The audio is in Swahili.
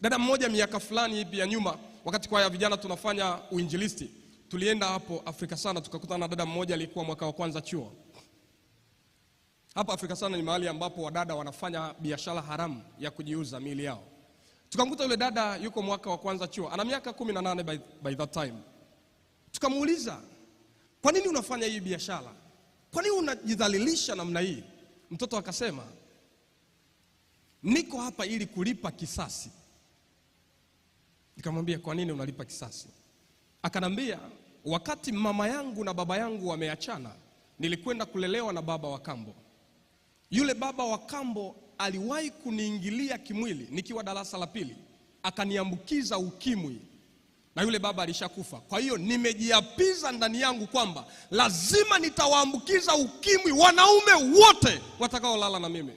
Dada mmoja miaka fulani hivi ya nyuma, wakati kwa ya vijana tunafanya uinjilisti, tulienda hapo Afrika sana, tukakutana na dada mmoja aliyekuwa mwaka wa kwanza chuo. Hapa Afrika sana ni mahali ambapo wadada wanafanya biashara haramu ya kujiuza miili yao. Tukamkuta yule dada yuko mwaka wa kwanza chuo, ana miaka 18 by, by that time. Tukamuuliza, kwa nini unafanya hii biashara? Kwa nini unajidhalilisha namna hii? Mtoto akasema, niko hapa ili kulipa kisasi Nikamwambia, kwa nini unalipa kisasi? Akanambia, wakati mama yangu na baba yangu wameachana, nilikwenda kulelewa na baba wa kambo. Yule baba wa kambo aliwahi kuniingilia kimwili nikiwa darasa la pili, akaniambukiza ukimwi na yule baba alishakufa. Kwa hiyo nimejiapiza ndani yangu kwamba lazima nitawaambukiza ukimwi wanaume wote watakaolala na mimi.